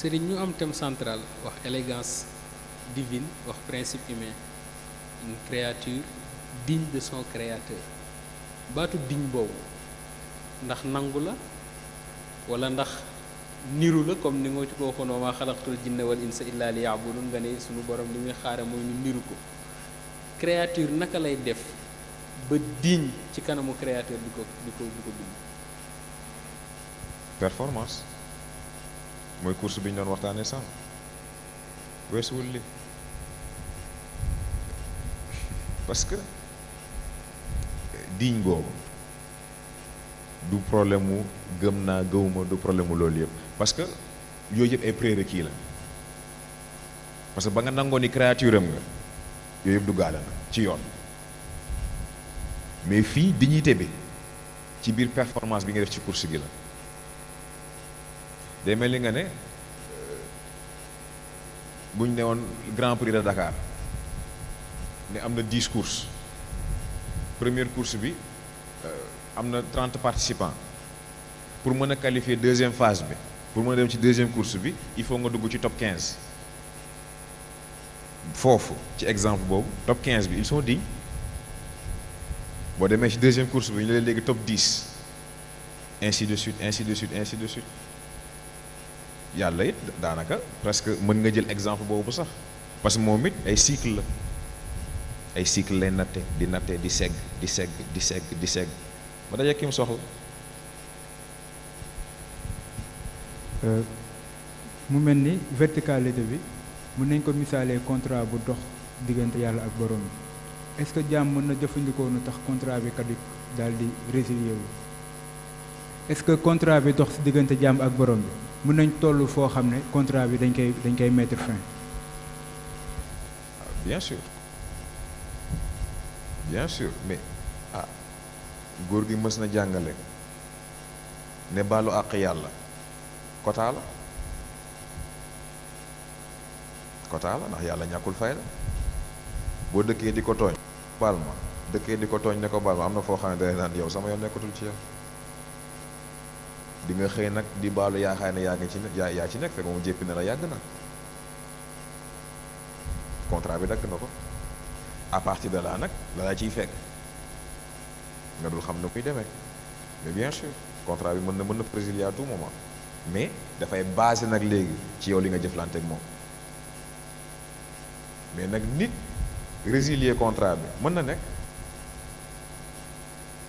sëriñ ñu am thème central wax élégance divine wax principe humain une créature digne de son créateur baatu digne boobu ndax nangu la walla ndax niru la comme ni moo ci ko waxoon wa maa xalaqtul jinna wal insa illa li yaabudun nga ne suñu borom li muy xaare mooy ñu niru ko créature naka lay def ba digne ci kanamu créateur bi ko bi ko bi ko bind performance mooy course bi ñu doon waxtaanee sànq weesuwul li parce que diñ boobu du problème mu gëm naa gëwuma du problème mu loolu yëpp parce que yooyu yëpp ay kii la parce que ba nga nangoo ni créature am nga yooyu du duggaale na ci yoon mais fii dignité bi ci biir performance bi nga def ci course bi la day mel ni nga ne buñ ne woon Grand Prix de Dakar ne am na dix courses première course bi euh, am na trente participant pour mën a qualifier deuxième phase bi pour mën a dem ci deuxième course bi il faut nga dugg ci top quinze foofu ci exemple boobu top 15 bi ils sont dignes boo demee ci deuxième course bi ñu leen léegi top 10 ainsi de suite ainsi de suite ainsi de suite yàlla it daanaka presque mën nga jël exemple boobu sax parce que moom it ay cycle la ay cycle lay natte di natte di segg di segg di segg di segg ba daje ki mu soxla. Euh, mu mel ni verticalité bi mun nañ ko misaalee contrat bu dox diggante yàlla ak borom est-ce que jàmm mën na jëfandikoo nu tax contrat bi kaddu daal di résilier wu est-ce que contrat bi dox si diggante jàmm ak borom bi. mën nañ toll foo xam ne contrat bi dañ koy dañ koy mettre fin. Ah, bien sûr mais ah góor gi mës na jàngale ne balu àq yàlla quota la quota ndax yàlla ñàkkul fayda boo dëkkee di ko tooñ baal ma dëkkee di ko tooñ ne ko baal ma am na foo xam ne day naan yow sama yoon nekkatul ci yow di nga xëy nag di baalu yaakaar ne yaa ngi ci yaa yaa ci nekk fekk moom jéppi na la yàgg na contrat bi dagg na ko à partir de là nag la la ciy fekk nga dul xam na kuy demee mais bien sûr contrat bi mën na mën na résilier à tout moment mais dafay basé nag léegi ci yow li nga jëflante ak moom mais nag nit résilier contrat bi mën na nekk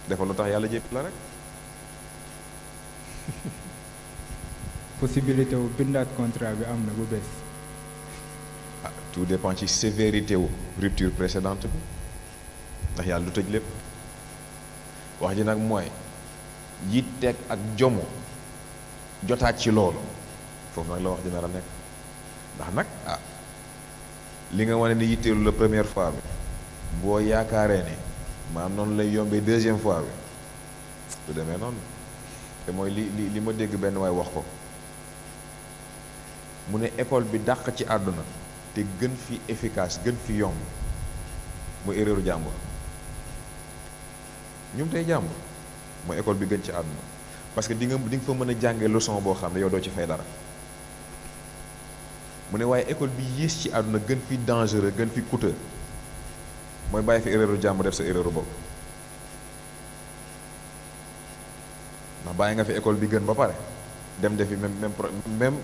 dafa lu tax yàlla jéppi la rek possibilité wu bindaat contrat bi am na bu bees. ah tout dépend ci sévérité wu rupture précédente bi ndax yàlla lu tëj lépp wax ji nag mooy yitteeg ak jomo jotaat ci loolu foofu nag la wax dina la nekk ndax nag ah li nga wane ni yitteelu la première fois bi boo yaakaaree ne maanaam noonu lay yombee deuxième fois bi du demee noonu te mooy li li li ma dégg benn waay wax ko. mu ne école bi dàq ci àdduna te gën fi efficace gën fi yomb mu éréeru jàmbur ñum tey jàmb mooy école bi gën ci àdduna parce que di nga di nga fa mën a jànge leçon boo xam ne yow doo ci fay dara mu ne waaye école bi yées ci àdduna gën fi dangereux gën fi coûteux mooy bàyyi fi éréeru jàmbur def sa erreuru bopp ndax bàyyi nga fi école bi gën ba pare dem defi même même même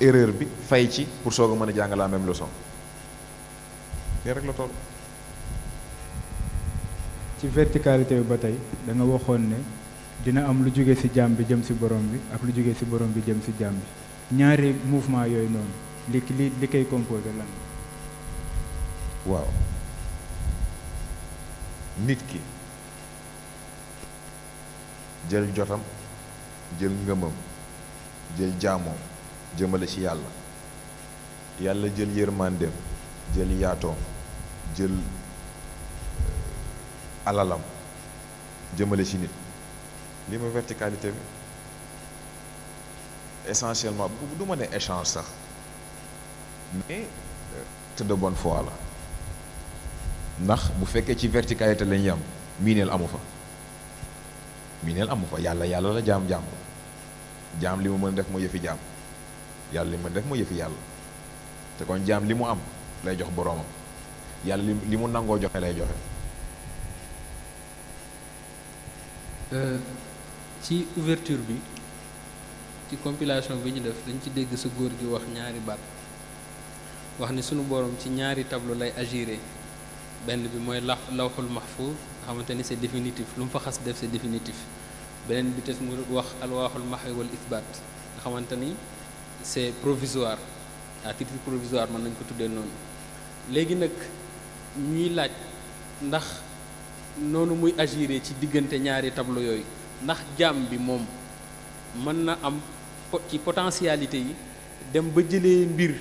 erreur bi fay ci pour soog a mën a jàng la même leçon la toll. ci verticalité bi ba tey danga waxoon ne dina am lu jóge ci jaam bi jëm ci borom bi ak lu jóge ci borom bi jëm ci jaam bi ñaari mouvement yooyu noonu li li li koy composé lan waaw nit ki jël jotam jël ngëmam jël jaamoom jëmale ci yàlla yàlla jël yërmandeem jël yaatoom jël euh, alalam jëmale ci nit li muy verticalité bi essentiellement du ma ne échange sax mais euh, te de bonne foi la ndax bu fekkee ci verticalité lañ yam miineel amu fa miineel amu fa yàlla yàlla la jaam jaam jaam li mu mën def mooy yëfi jaam yàlla li ma def moo yëfi yàlla te kon jaam li mu am lay jox boroomam yàlla li mu nangoo joxe lay joxe euh, ci ouverture bi ci compilation bi ñu def dañ ci dégg sa góor gi wax ñaari baat wax ni sunu borom ci ñaari tableau lay agiré benn bi mooy la lawxul mahfuz nga xamante ni c'est définitif lu mu fa xas def c'est définitif beneen bi tes mu wax alwaaxul mahwi wal isbaat nga xamante ni c'est provisoire à titre provisoire mën nañ ko tuddee noonu léegi nag ñuy laaj ndax noonu muy agiré ci diggante ñaari tableau yooyu ndax jaam bi moom mën na am ci potentialité yi dem ba jëlee mbir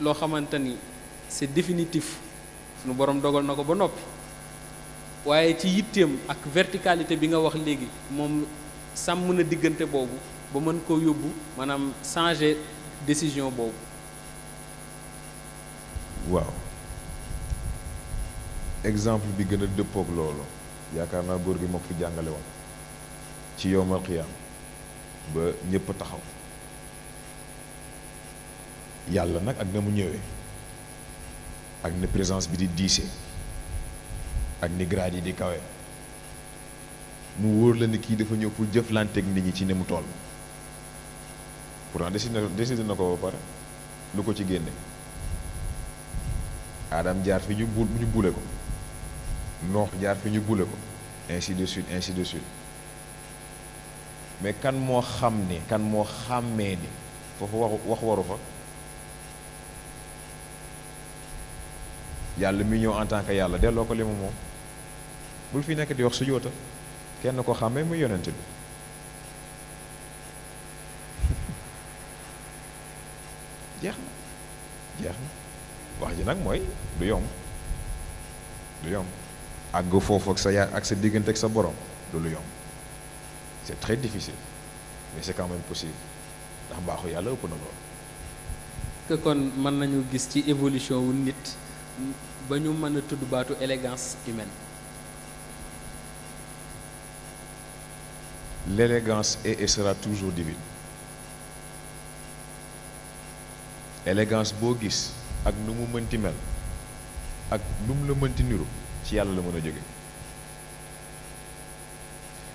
loo xamante ni c'est définitif suñu borom dogal na ko ba noppi waaye ci yitteem ak verticalité bi nga wax léegi moom sàmm na diggante boobu ba mën koo yóbbu maanaam changer décision boobu. waaw exemple bi gën a dëppoog loolu yaakaar naa góor gi moo fi jàngale woon ci yowmal xiyaam ba ñëpp taxaw yàlla nag ak na mu ñëwee ak ni présence bi di diisee ak ni grade yi di kawe mu wóor la ni kii dafa ñëw pour jëflanteeg nit ñi ci ne mu toll. pourtant décidé na décidé na ko ba pare lu ko ci génne Adam jaar fi ñu bu ñu bule ko Noox jaar fi ñu bule ko ainsi de suite ainsi de suite mais kan moo xam ni kan moo xàmmee ni foofu wax wax waru fa yàlla mi ñëw en tant que yàlla delloo ko li mu moom bul fi nekk di wax su joota kenn ko xàmmee muy yonent bi jeex na jeex na wax ji nag mooy du yomb du yomb àgg foofu ak sa yaa ak sa diggante ak sa borom du lu yomb c'est très difficile mais c'est quand possible ndax mbaaxu yàlla ëpp na loolu. mën nañu gis ci évolution wu nit ba ñu mën a tudd baatu élégance humaine. l'élégance est et sera toujours divine. élégance boo gis ak nu mu mënti mel ak nu mu la mënti niru ci yàlla la mën a jóge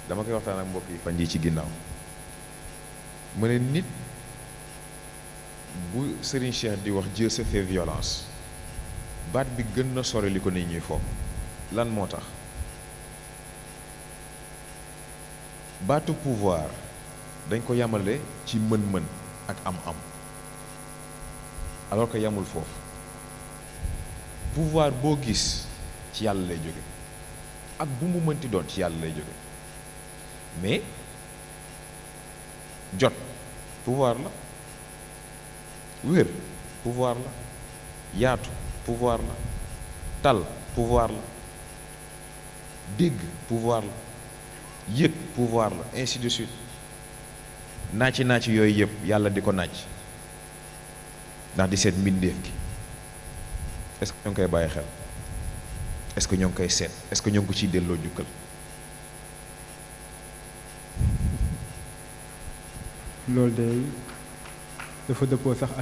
dama koy waxtaan ak mbokk yi fan ci ginnaaw mu nit bu Serigne Cheikh di wax jë se violence baat bi gën na sore li ko nit ñuy foog lan moo tax baatu pouvoir dañ ko yamale ci mën-mën ak am-am alors que yamul foofu pouvoir boo gis ci yàlla lay jóge ak bu mu mënti doon ci yàlla lay jóge mais jot pouvoir la wér pouvoir la yaatu pouvoir la tal pouvoir la dégg pouvoir la yëg pouvoir la ainsi de suite naaci naaci yooyu yëpp yàlla di ko naaj ndax di seet mbindeef gi est-ce que ñoo ngi koy bàyyi xel est-ce ñoo ngi koy seet est-ce que ñoo ngi ko ciy delloo jukkal loolu day dafa dëppoo sax